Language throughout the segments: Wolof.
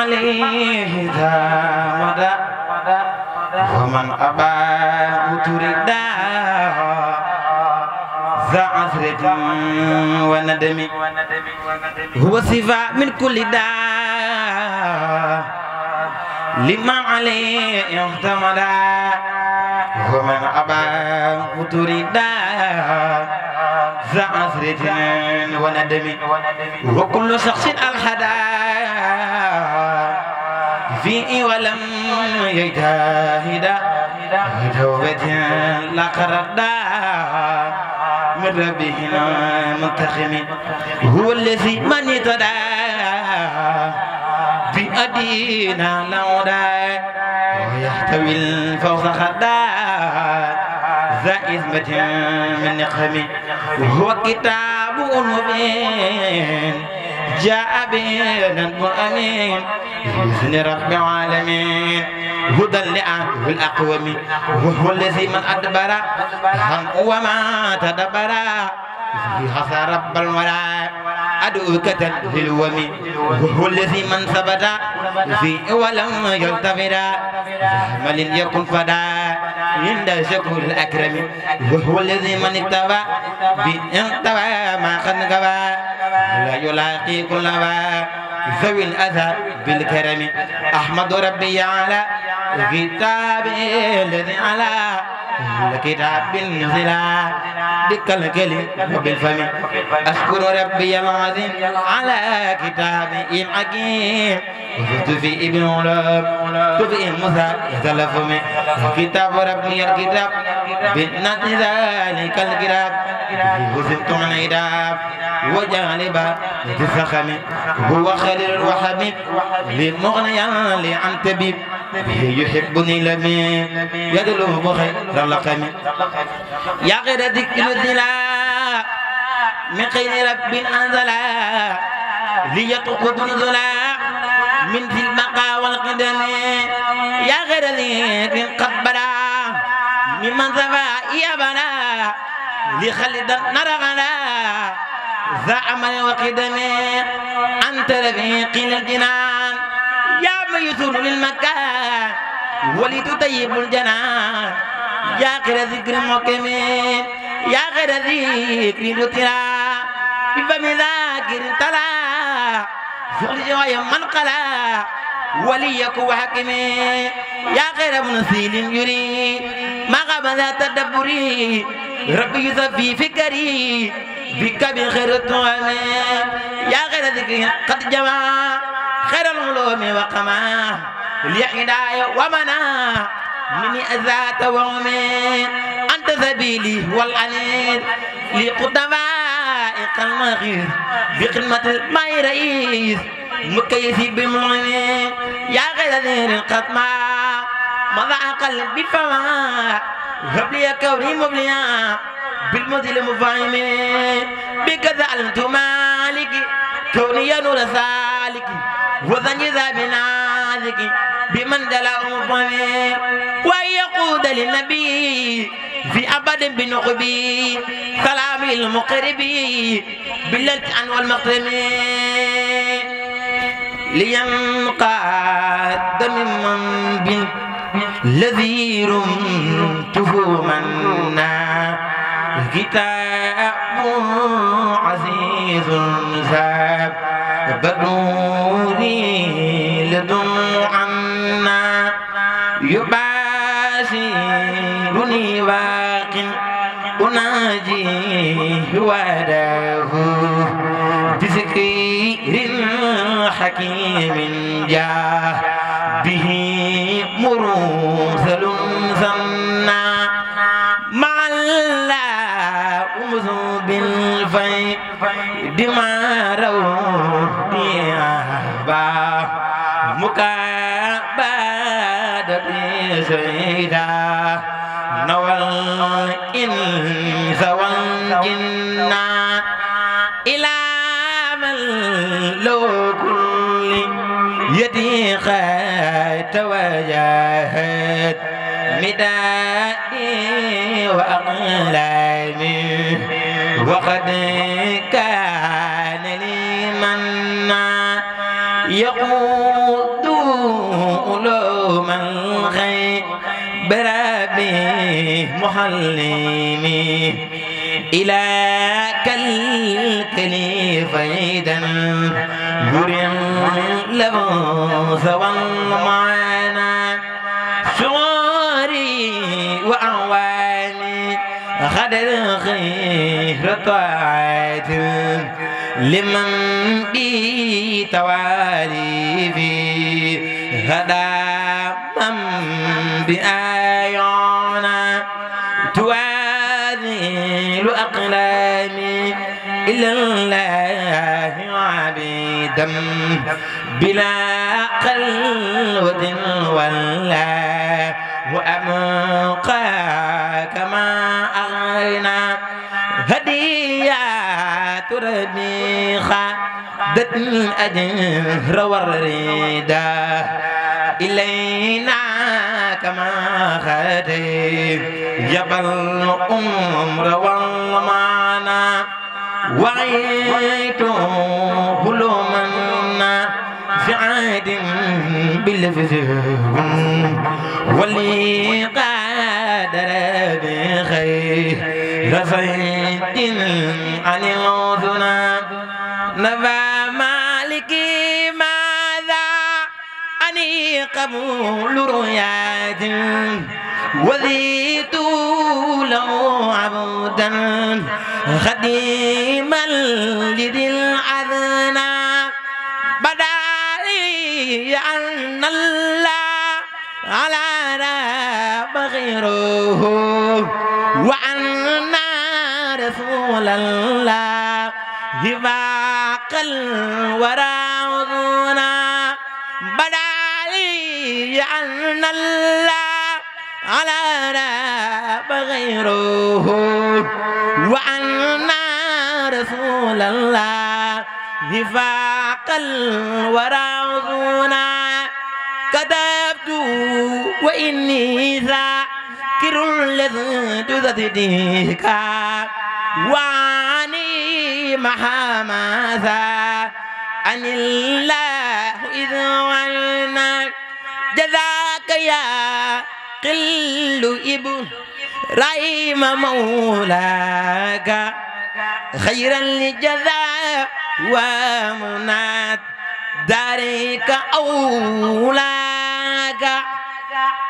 عليه داودا ومن أبى متردا ذا عثر وندم هو صفة من كل داء لمن عليه اعتمدا ومن أبى متردا ذا عثر وندم وكل شخص الحدا في ولم يجاهد بتوبة لقردا من ربه المنتقم هو الذي من يتدى بأدينا لودا ويحتوي الفوز خدا ذا إثمة من نقم وهو كتاب مبين جاء بين المؤمنين بإذن رب العالمين هدى لأهل الأقوام وهو الذي من أدبر وما تدبر حصى رب الورى أدعوك تنزل ومن وهو الذي من ثبت في ولم يلتفت مل يكن فدا عند شكر الأكرم وهو الذي من اكتوى بانتوى ما خنقوى لا يلاقي كل ذوي الأذى بالكرم أحمد ربي على كتابه الذي على الكتاب بالنزلة دك الكلم وبالفم أشكر ربي العظيم على كتاب الحكيم وفزت في ابن علوم تفئ موسى يتلفم الكتاب ربي الكتاب بالنت ذلك الكتاب وزدت عن عداب وجانبا لتسخم هو خليل وحبيب للمغني لعن تبيب يحبني لمي يدلو بخير لقمي يا غير ذكر الدلاء من خير رب أنزلا ليتقد نزلا من في المقا والقدم يا غير ذكر قبلا ممن ذبا إيابنا لخلد نرغنا ذا عمل وقدم أنت رفيقي للجنان القلب يثور للمكان ولتطيب الجنان يا خير ذكر مكم يا خير ذكر نترى بفم ذاكر تلا فرج ويمن قلا وليك وحكم يا خير منسيل يري ما غمذا تدبري ربي يصفي فكري بك بخير التوامي يا خير ذكر قد جمع خير العلوم وقما للهداية ومنا من أذات وعمي أنت ذبيلي والعليل لقدماء المغير بخدمة الماي رئيس مكيسي بمعني يا غير ذير القطمة مضى قلبي فما هب لي كوري مبليا بالمزيل مفاهمي بكذا علمت مالك كوني نور ساعة وذني ذابنا بنازك بمن دلاه فمير ويقود للنبي في أبد بنقبي سلام المقربي باللت عن والمقرم لينقاد من بن لذير تفومنا كتاب عزيز ذاب بدون يدوم عنا يباسرني واق أناجيه وداه بذكر حكيم جاه سعيدا نوى الإنس والجن إلى ملوك يدي خات وجاهت مدائي وأقلامي وقد كان لي منا يقول حليمي إلى كالكلي فيدا برم له سوى المعنى شعوري وأعواني غدا الخير طاعت لمن بي توالي في هذا دم بلا قلوة ولا وأبقى كما أغنى هدية تردي دت الأجر والريدة إلينا كما خدي يبل أمر والمانا وعيته هلوما في عاد باللفظ ولي قادر بخير رفيت عن الأذنى نبات قبول رؤيات وذيت له عبد خديما لذي العذنى بدعي أن الله على راب غيره وأن رسول الله هباق الورى وذنا بدعي أن الله على راب غيره وأنا رسول الله نفاق وراءنا كذبت وإني ذاكر الذي واني وعني محمد أن الله إذ وعنا جزاك يا قل ابن رحم مولاك خيرا للجزاء ومنات دارك أولاك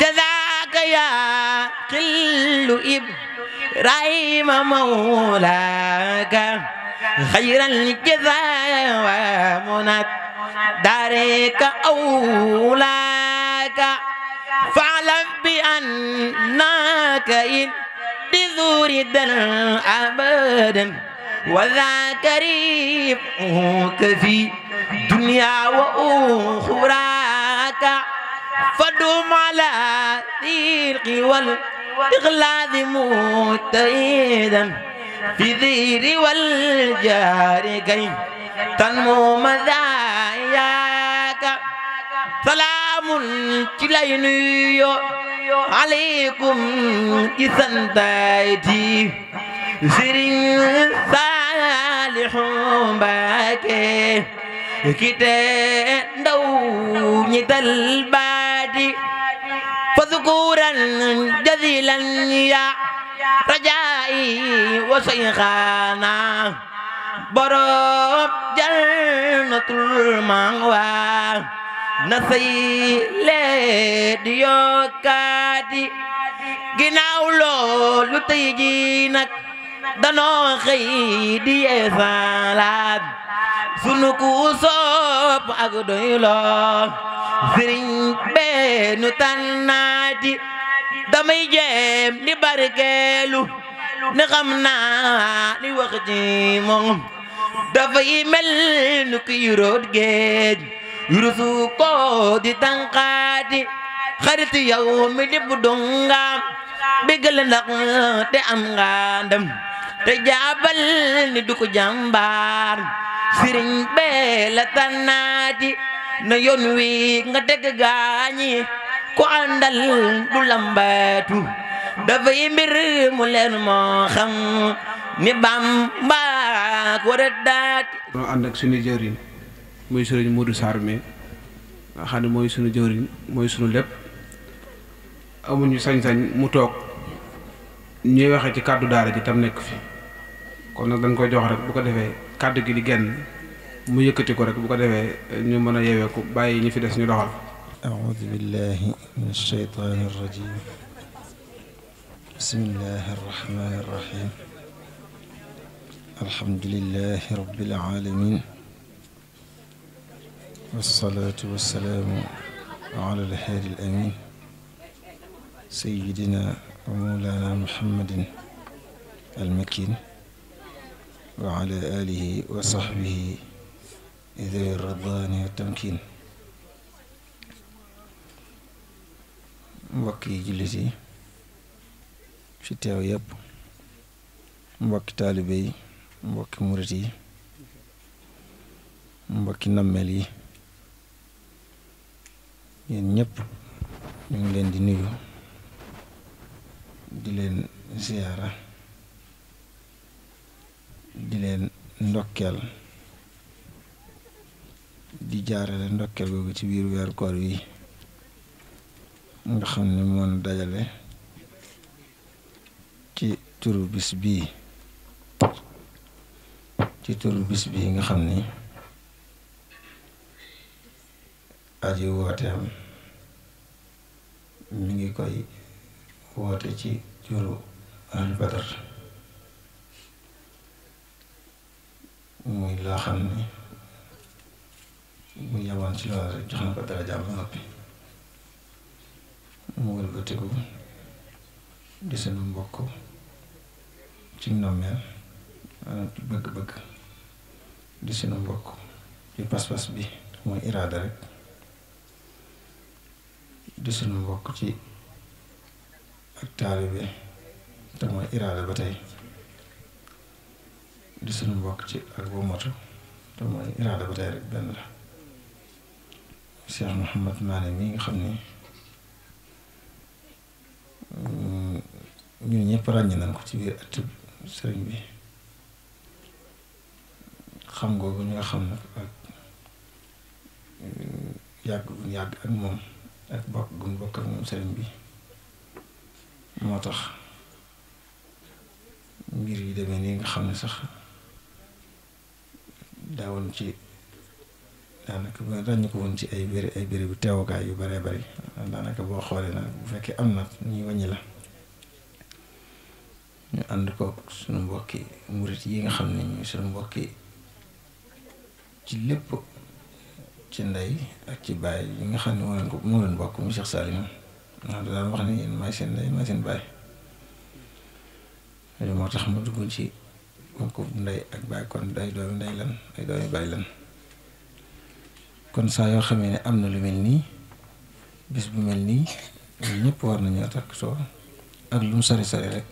جزاك يا قل إبراهيم مولاك خيرا للجزاء ومنات دارك أولاك فاعلم بأن إن بذور الدلع أبدا وذاك كريم كفي دنيا وأخراك فدوم على ذيرك والإغلاظ متئدا في ذير والجار كي تنمو مزاياك سلام كلينيو aleykum ci santaay ji Sëriñ Saalihu Mbàkke kite ndaw ñi tal baadi fa sukuran jazilan ya rajaa'i wa sayxaana borom jannatul ma'wa nasay leedi yoo kaadi ginaaw loolu tey jii nag danoo xëy di yeesalaat sunu ku sopp doy loo sëriñ bee nu tànnaati damay jéem di barkeelu ni xam naa ni wax dafay mel nu ki yuróot géej yurusu ko di tànqaati xarit yow mi di bu dongaam bégal ndax te am nga ndam te jaabal ni du ko jàmbaar bee la tànnaati na yoon wi nga teg gaañi ku àndal du lambatu dafay mbir mu leen moo ni Bàmba ko rëddaati. ñoo muy sëriñ Modou sar mi nga xam ne sunu jëwriñ moy sunu lépp amuñu sañ-sañ mu tok ñi waxe ci kàddu daara ji tam nekk fi kon nak dañ ko jox rek bu ko defé kàddu gi di genn mu yëkëti ko rek bu ko defé ñu mëna yewé ko bàyyi ñi fi dess ñu doxal. a'udhu billahi minash الشيطان rajim بسم الله الرحمن الرحيم الحمد لله رب العالمين والصلاة والسلام على الحير الأمين سيدنا ومولانا محمد المكين وعلى آله وصحبه إذا رضاني والتمكين مبكي جلسي شتاو يب مبكي طالبي مبكي مرتي مبكي نمالي yéen ñëpp ñu ngi leen di nuyu di leen ziyaara di leen ndokkeel di jaarale ndokkeel googu ci biir weeru koor wi nga xam ni moon dajale ci turu bis bii ci turu bis bii nga xam ni aji wooteem mi ngi koy woote ci juru al badar muy loo xam ne bu yemoon ci loolu rek jox na ko dara jàmm noppi mu wëlbatiku di sunu mbokk ci nommeel bëgg-bëgg di sunu mbokk ci pas-pas bi muy iraada rek di suñu mbokk ci ak bi te mooy iraada ba tey di suñu mbokk ci ak womatu te mooy iraada ba tey rek benn la Cheikh Mouhamad Maane mi nga xam ni mm, ñun ñëpp ràññi nañ ko ci biir ëttub sëriñ bi xam googu ñu xam nag ak mm, yàgg yàgg ak moom ak bokk gum bokk moom sëriñ bi moo tax ngir yi demee nii nga xam ne sax daawoon ci daanaka ba ràññu ko woon ci ay bëri ay bëri bu teewukaay yu baree bari daanaka boo xoolee nag bu fekkee am na ñuy wàññi la ñu ànd kook suñu mbokki murit yi nga xam ne ñuy suñu mbokki ci lépp ci ndey ak ci baay yi nga xam ne moo leen ko moo leen bokk mu Cheikh Salim daal da wax ne yéen maay seen ndey maay seen baay moo tax mu dugg ci bokku ndey ak baay kon day doomi ndey lan day doomi baay lan kon saa yoo xam ne am na lu mel nii bis bu mel nii ñépp war nañoo takk soo ak lu mu sori sori rek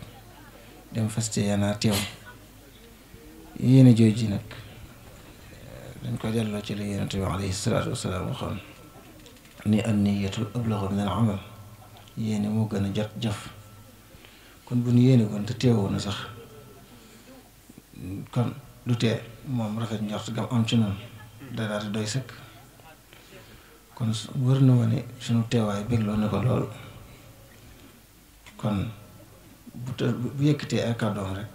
dem fas yéenaa teew yéen a ji nag. دنج كو ديال راجل ينتبه عليه الصلاه والسلام وخا ني النية ابلغ من العمل يني مو غن جرت جف كون بو يعني نيي نكون تيو نا صح كون دوتي موم رافت نيوخ غام ام تشنا دا دا دوي سك كون ورنا وني يعني شنو تيواي بيك لو نكو لول كون بو يكتي ا كادو رك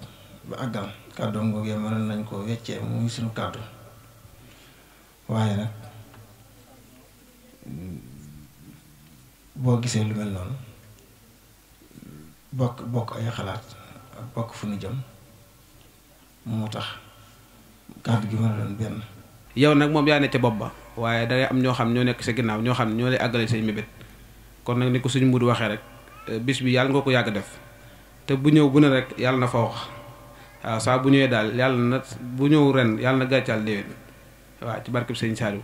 ba agal kàddoom googu yee mënoon nañ koo weccee muy suñu kàddoom waaye nag boo gisee lu mel noonu bokk bokk ay xalaat ak bokk fu ñu jëm moo tax kàddu gi mën a doon benn. yow nag moom yaa ne ca bopp ba waaye day am ñoo xam ñoo nekk sa ginnaaw ñoo xam ñoo lay àggale say mébét kon nag ni ko suñu mbuur waxee rek eh, bis bi yàlla nga ko yàgg def te bu ñëw bu ne rek yàlla na fa wax waaw saa bu ñëwee daal yàlla na bu ñëw ren yàlla na gàccaal déwén. waaw ci barkeb sëñ Saliou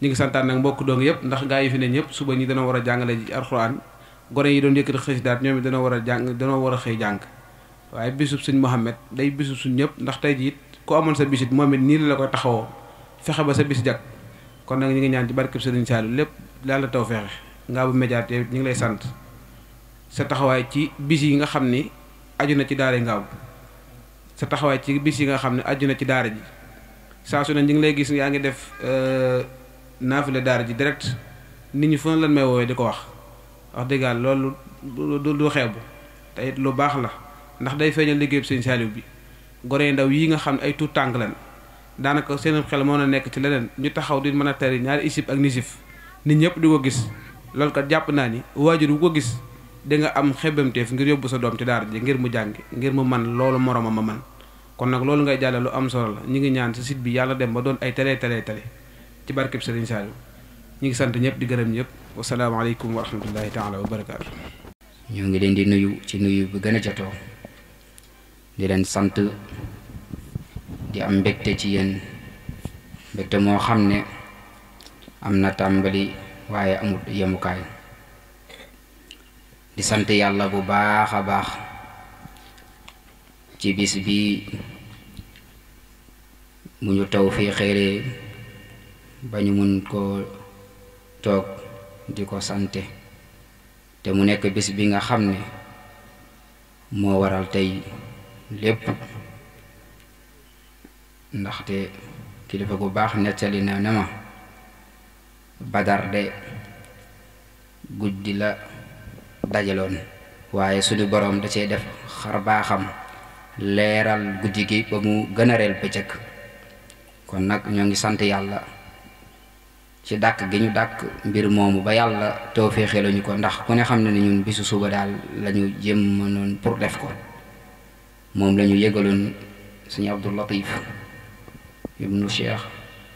ñu ngi santaan nag mbokk doong yëpp ndax gaa yi fi ne ñëpp suba ñi dana war a jàngale ji alxuraan gone yi doon yëkkati xasidaat ñoom it dana war a jàng dana war a xëy jàng waaye bisub sëñ Mouhamed day bisub suñ ñëpp ndax tey jii it ku amoon sa bisit moom it nii la la koy taxawoo fexe ba sa bis jag kon nag ñu ngi ñaan ci barkeb sëriñ Saliou lépp daal la taw fexe Ngabou Média yow ñu ngi lay sant sa taxawaay ci bis yi nga xam ni aju na ci daara Ngabou sa taxawaay ci bis yi nga xam ne aju na ci daara ji saa su ne ñu ngi gis yaa ngi def euh, nafile daara ji direct nit ñi fu ne lan may woowee di ko wax wax dëgg loolu du du xeebu lu baax la ndax day feeñal liggéeyub sëñ Saaliw bi gore ndaw yi nga xam ay tuut tànk lan daanaka seen xel moo na nekk ci leneen ñu taxaw di mën a tari ñaari isib ak nisif nit ñëpp di ko gis loolu kat jàpp naa ni waajur bu ko gis di nga am xebamteef ngir yóbbu sa doom ci daara ji ngir mu jàngi ngir mu man loolu moroma ma man kon nag loolu ngay jàlle lu am solo la ñu ngi ñaan sa site bi yàlla dem ba doon ay télé télé télé ci barkeb Sëriñ Saliou ñu ngi sant ñëpp di gërëm ñëpp wasalaamaaleykum wa rahmatullahi taala wa barakaatu ñoo ngi leen di nuyu ci nuyu bu gën a jotoo di leen sant di am mbégte ci yéen mbégte moo xam ne am na tàmbali waaye amul yemukaay di sant yàlla bu baax a baax ci bis bi mu ñu taw fii xéere ba ñu mun toog di ko sante te mu nekk bis bi nga xam ne moo waral tey lépp ndaxte kilifa gu baax nettali na ne ma badar de guddi la dajaloon suñu borom da cee def xar baaxam leeral guddi gi ba mu gën reel bëccëg kon nag ñoo ngi sant yàlla ci dàkk gi ñu dàkk mbir moomu ba yàlla toofeexee lañu ko ndax ku ne xam ne ne ñun bisu suba daal lañu jëm mënoon pour def ko moom lañu yëgaloon suñu Abdul Latif ibnu Cheikh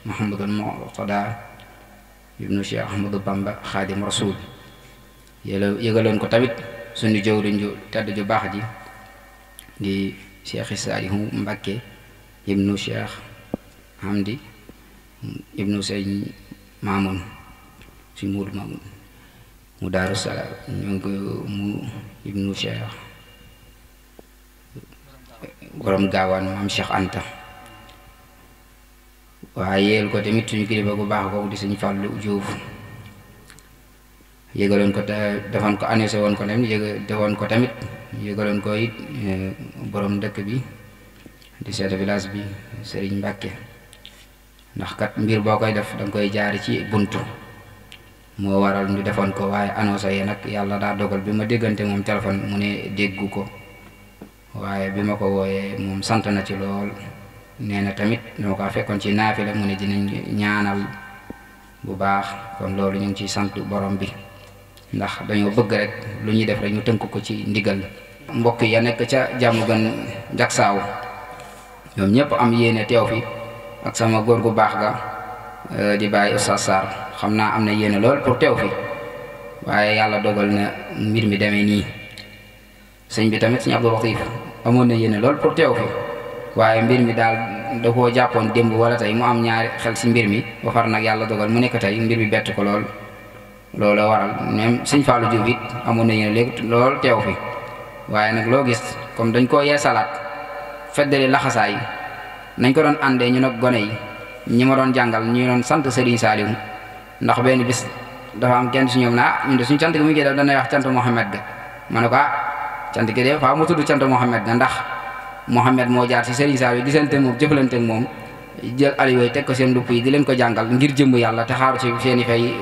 Muhammadul Muqtada ibnu Cheikh Ahmadu Bamba Xaadim Rasul yëla yëgaloon ko tamit suñu jëwriñ ju tedd ju baax ji di cheikh saalihu mbakke ibnu cheikh hamdi ibnu sëñ maamun si muur maamun mu daaru salaam ñu ngi mu ibnu cheikh borom gaawaan am cheikh anta waaye yéel ko tamit suñu kilifa bu baax kooku di sëñ fàllu juuf yégaloon ko te defoon ko année woon ko tamit yéga defoon ko tamit yëgaloon ko it eh, borom dëkk bi di chef de bi sëriñ Mbacke ndax kat mbir boo koy def danga koy jaar ci bunt moo waral ñu defoon ko waaye annonce yi nag yàlla daa dogal bi ma déggante moom téléphone mu ne déggu ko waaye bi ma ko wooyee moom sant na ci lool nee na tamit ñoo ko fekkoon ci naafi la mu ne dinañ ñaanal bu baax kon loolu ñu ngi ciy sant borom bi ndax dañoo bëgg rek lu ñuy def rek ñu tënk ko ci ndigal mbokk ya nekk ca jàmm gën njagsaaw ñoom ñëpp am yéene teew fi ak sama góor bu baax ga euh, di bàyyi Oustaz Sarr xam naa am na yéene lool pour teew fi waaye yàlla dogal na mbir mi demee nii sëñ bi tamit sëñ Abdou Latif amoon na yéene lool pour teew mi daal da koo jàppoon démb wala tey mu am ñaari xel si mbir mi ba far nag yàlla dogal mu nekk tey mbir mi bett ko lool loolu la waral même sëñ Fallou Diouf it amoon nañu yéen léegi loolu teew fi waaye nag loo gis comme dañ koo yeesalaat feddali laxasaay nañ ko doon àndee ñu nag gone yi ñu ma doon jàngal ñu doon sant Serigne Saliou ndax benn bis dafa am kenn si ñoom na ah ñun de suñu cant gi mu ngi def dana wax cant Mouhamed ga ma ne ko ah cant gi de faa mu tudd cant Mouhamed ga ndax Mouhamed moo jaar si Serigne Saliou gisante moom jëflante moom jël Aliou teg ko seen lupp yi di leen ko jàngal ngir jëmm yàlla te xaaru si seen i fay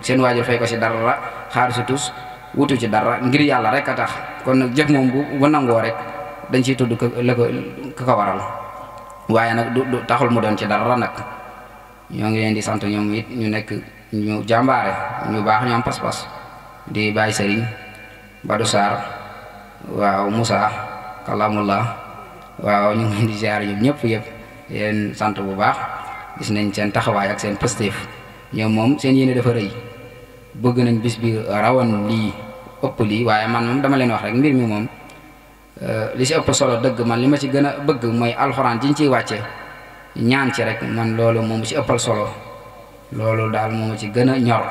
seen waajur fay ko ci dara xaar ci tus wutu ci dara ngir yàlla rek a tax kon nag jëf moom bu bu nangoo rek dañ ciy tudd la ko ka waaye nag du taxul mu doon ci dara nag ñoo ngi leen di sant ñoom it ñu nekk ñu jàmbaare ñu baax ñu pas-pas di Baye Serigne Badou Sarr waaw Moussa Kalamullah waaw ñu ngi di ziare ñoom ñëpp yëpp leen sant bu baax gis nañ seen taxawaay ak seen positif ya mom seen yene dafa reuy bëgg nañ bis bi rawan li ëpp li waaye man mom dama leen wax rek mbir mi euh, li si ëpp solo dëgg man li ma ci gën a bëgg mooy alxuraan jiñ ciy wàcce ñaan ci rek man loolu moom ci ëppal solo loolu daal moom ci gën a ñor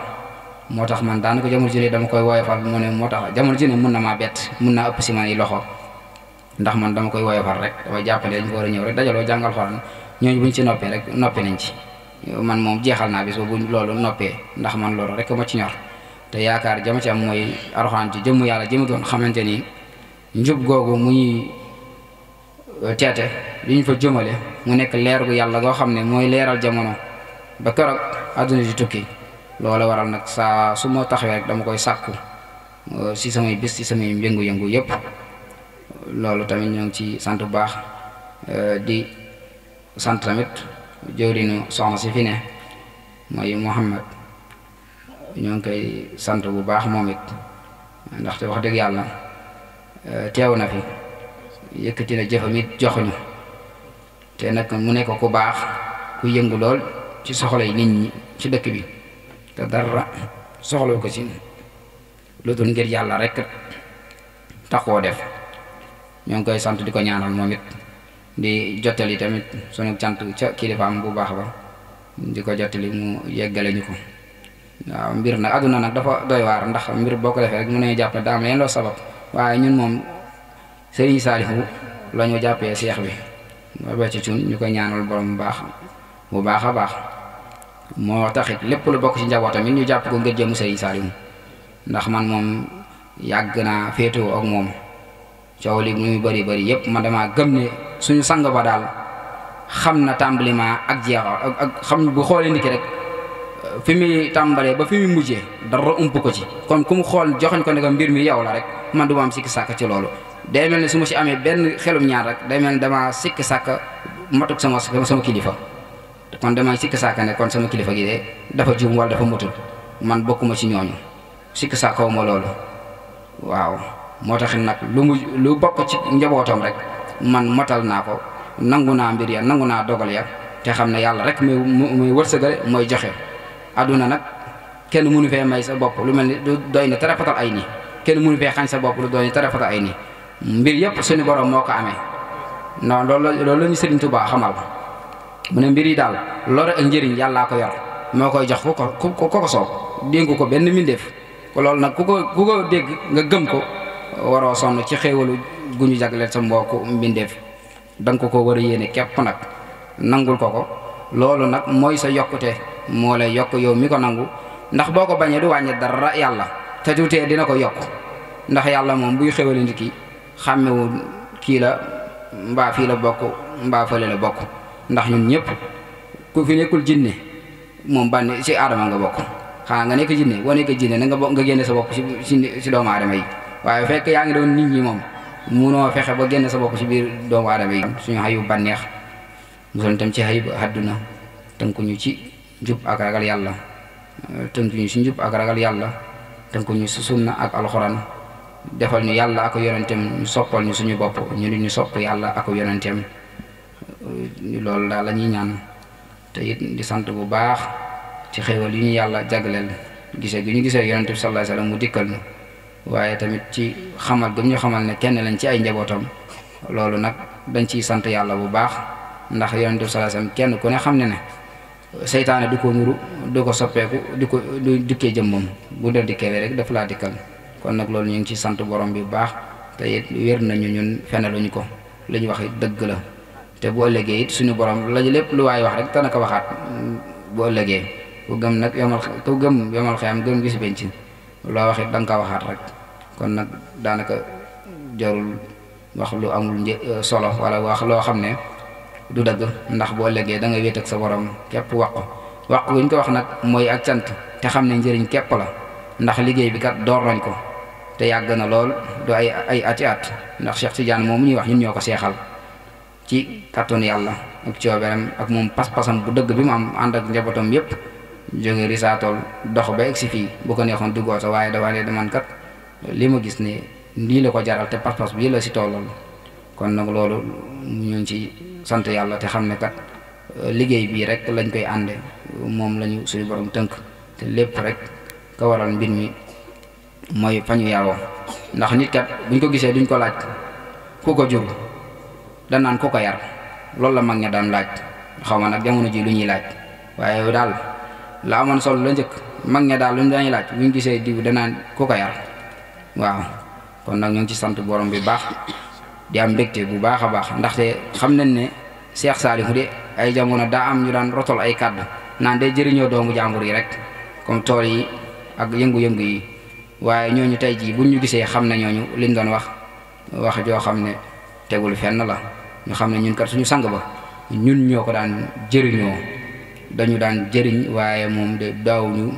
moo tax man daanaka jamono ji dama koy woyofal mu ne moo tax jamono ji ne mun na maa bett mun naa ëpp si man yi loxo ndax man dama koy woyofal rek dama jàppale ñu ko war a ñëw rek dajaloo jàngal xoraan ñooñu buñ ci noppee rek noppi nañ ci man moom jeexal naa bis ba bu loolu noppee ndax man loolu rek ma ci ñor te yaakaar jama ci am mooy aroxaan ci jëmm yàlla jëmu doon xamante ni njub googu muy ñuy euh, teete li ñu fa jëmale mu nekk leer gu yàlla goo xam ne mooy leeral jamono ba keroog àdduna di tukki loola waral nag saa su ma taxawee rek dama koy sàkku si euh, samay bis ci samay yëngu-yëngu yépp loolu tamit ñoo ngi ci sant bu baax euh, di sant tamit jëwriñu soxna si fi ne mooy Muhammad ñoo ngi koy sant bu baax moom it ndaxte wax dëgg yàlla euh, teew na fi yëkkati na jëfam it joxuñu te nag mu nekk ku baax ku yëngu lool ci soxla yi nit ñi ci dëkk bi te dara soxla ko si lu dul ngir yàlla rek tax koo def ñoo ngi koy sant di ko ñaanal moom it di jottali tamit sunu cant ca kilifaam bu baax ba di ko jottali mu yeggale ñu ko waaw mbir nag àdduna nag dafa doy waar ndax mbir boo ko defee rek mën nañu jàpp ne daa ñun moom Serigne Saliou la ñu jàppee seex bi ba ba ñu koy ñaanal borom bu baax bu baax a baax moo taxit lépp lu bokk ci njabootam ñu jàpp ko ngir jëmu Serigne Saliou ndax man moom yàgg naa féetewoo ak moom coow li muy bari bari yépp man dama gëm suñu sang ba dal xamna na ak jeexal ak xam bu xolé nit rek euh, fimi tambalé ba fimi mujjé dara ump ko ci kon kum xol joxagn ko ne ko mbir mi yaw la rek man du am sikki sak ci lolu day melni suma ci amé ben xelum ñaar rek day melni dama sikki sak matuk sama sama kilifa kon dama sikki sak ne kon sama kilifa gi dé dafa jum wal dafa mutul man bokuma ci ñooñu sikki sàkkaw mo lolu waaw moo nak lu lu bokk ci njabotam rek man motal naa ko nangu naa mbir ya nangu naa dogal ya te xam na yàlla rek muy muy wërsëgale mooy joxe aduna nag kenn mënu fee may sa bopp lu mel ni du doy ni tarafatal ay nii kenn mënu fee xañ sa bopp lu doy ni tarafatal ay nii mbir yëpp suñu borom moo ko amee non loolu loolu la Sëriñ Tuubaa xamal mu ne mbir yi daal lor ak njëriñ yàllaa ko yor moo koy jox ku ko ku ko soob dénku ko benn mbindeef loolu nag ku ko ku ko dégg nga gëm ko waroo sonn ci gu ñu jagleel sa mbokk mbindeef da nga ko ko war a yéene kepp nag nangul ko ko loolu nag mooy sa yokkute moo lay yokk yow mi ko nangu ndax boo ko bañee du wàññi dara yàlla te tuutee dina ko yokk ndax yàlla moom buy xéwale nit ki xàmmewu kii la mbaa fii la bokk mbaa fële la bokk ndax ñun ñëpp ku fi nekkul jinne moom bànni ci aadama nga bokk xanaa nga nekk jinne boo nekk jinne nanga nga bokk nga génne sa bopp ci ci doomu aadama yi waaye fekk yaa ngi doon munoo fexe ba génn sa bopp ci biir doomu aadama yi suñu xayu bànneex musal tam ci xayu àdduna tënkuñu ci njub ak ragal yàlla tënkuñu ci njub ak ragal yàlla tënkuñu ak alxuraan defal ñu yàlla ak yonenteem ñu soppal ñu suñu bopp ñu ñu sopp yàlla ak yonenteem loolu daal la ñuy ñaan te it di sant bu baax ci xéewal yi ñu yàlla jagleel gisee gi ñu gisee yonente bi sallallahu alayhi mu dikkal na waaye tamit ci xamal gëm ñu xamal ne kenn lañ ci ay njabootam loolu nag dañ ciy sant yàlla bu baax ndax yonent bi sallallahu kenn ku ne xam ne na seytaane du ko mburu du ko soppeeku du ko du dikkee jëmmam bu dee dikkee rek daf laa dikkal kon nag loolu ñu ngi ci sant borom bi bu baax te it wér nañu ñun feneluñu ko li ñu wax it dëgg la te bu ëllëgee it suñu borom lañu lépp lu waaye wax rek dana ko waxaat bu ëllëgee ku gëm nag yomal ku gëm yomal xiyam gëm gis benn ci la waxe dang ka waxat rek kon nak danaka jarul wax lu amul euh, solo wala wax lo xamne du dëgg ndax bo legge da nga wéet ak sa borom kep wax wax ko ko wax nak moy ak cant te xamne njeriñ kep la ndax liggey bi kat dor nañ ko te yag na lol do ay ay ati at ndax Cheikh Tidiane mom ñi wax ñun ñoko xeexal ci kàttanu yalla ak ciobaram ak mom pas passam bu deug bi mu am ànd ak njabootam jóge risaatol dox ba egg si fii bu ko neexoon duggoo sa waaye dafa ne man kat li ma gis ne nii la ko jaral te pas-pas bii la si tollal kon nag loolu ñu ngi ci sant yàlla te xam ne kat euh, liggéey bii rek lañ koy ànde moom lañu suñu borom tënk te lépp rek ka waral mbir mi mooy fañu yaroo ndax nit kat buñ ko gisee duñ ko laaj ku ko jur danaan ku ko yar loolu la mag ña daan laaj xaw ma nag jamono ji lu ñuy laaj waaye daal la amoon sol la njëkk mag ña daal lu ñu daañu laaj bu ñu gisee diw danaan ku ko yar waaw kon nag ñu ngi ci sant borom bi baax di am mbégte bu baax a baax ndaxte xam nañ ne Cheikh Saliou de ay jamono daa am ñu daan rotol ay kàddu naan day jëriñoo doomu jàmbur yi rek comme tool yi ak yëngu-yëngu yi waaye ñooñu tey jii buñ ñu gisee xam ne ñooñu liñ doon wax wax joo xam ne tegul fenn la ñu xam ne ñun kat suñu sang ba ñu ñoo ko daan jëriñoo dañu daan jëriñ waaye moom de daawuñu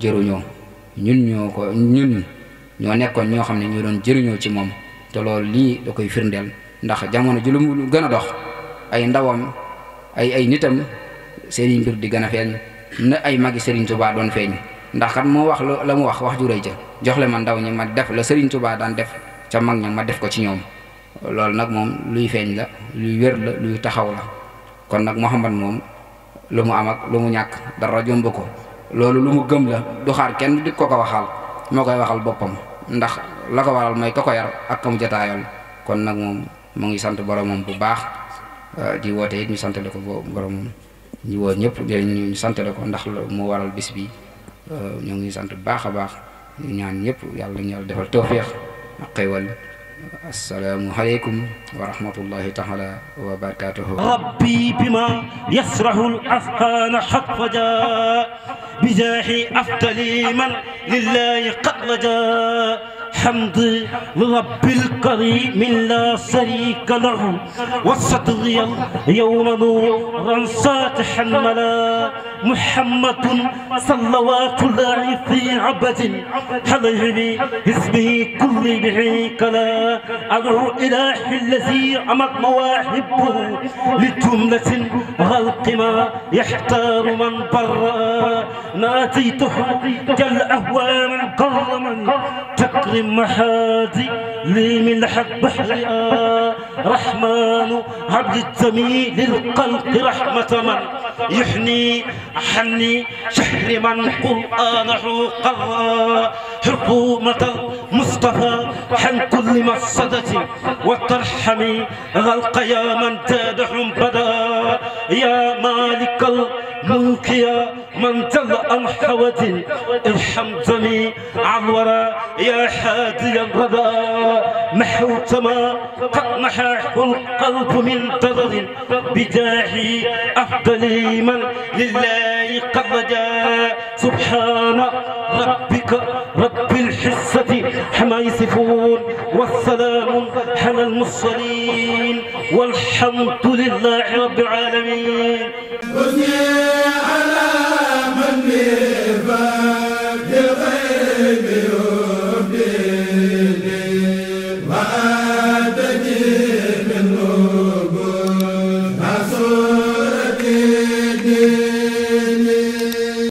jëruñoo ñun ñoo ko ñun ñoo nekkoon ñoo xam ne ñoo doon jëriñoo ci moom te loolu lii da koy firndeel ndax jamono ji lu mu gën a dox ay ndawam ay ay nitam seeni mbir di gën a feeñ na ay magi Serigne Touba doon feeñ ndax xam moo wax la mu wax wax ju rëy ja joxle ma ndaw ñi ma def la sëriñ Touba daan def ca mag ña ma def ko ci ñoom loolu nag moom luy feeñ la luy wér la luy taxaw la kon nag Muhammad moom lu mu am ak lu mu ñàkk dara jomb ko loolu lu mu gëm la du xaar kenn di ko ko waxal mo koy waxal bopam ndax la ko waral may ka ko yar ak kam mu jataayal kon ndak mom mo ngi sant mom bu baax euh, di woote it ñu santale ko boromam ñu woo ñëpp ñu santale lako ndax mo waral bis bi euh, ñu ngi sant baaxa baax ñaan ñep yalla ñu yalla defal tawfiq ak xéewal السلام عليكم ورحمة الله تعالى وبركاته ربي بما يسرح الأفقان حق وجاء بجاه أفتلي من لله قد وجاء حمد لرب الكريم لا شريك له والصدر يوم نورا ساتحا ملا محمد صلوات الله في عبد حلجني اسمه كل بعيك لا أدعو إله الذي عمت مواهبه لجملة غلق ما يحتار من برا ناتيته كالأهوى من قرما تكرم محادي لي من لحد رحمن عبد التميل للقلق رحمة من يحني حني شهر من قرآن حوق حكومة المصطفى حن كل مفسدة وترحمي غلق يا من تادح بدا يا مالك الملك يا من جل الحوادي حوتي ارحمتني عن ورى يا حادي محو محوتما قد محاح القلب من تضر بداعي افضل من لله قد رجا سبحان ربك رب الحسد حما يصفون والسلام على المصلين والحمد لله رب العالمين دنيا على من يبقى يغيب يوم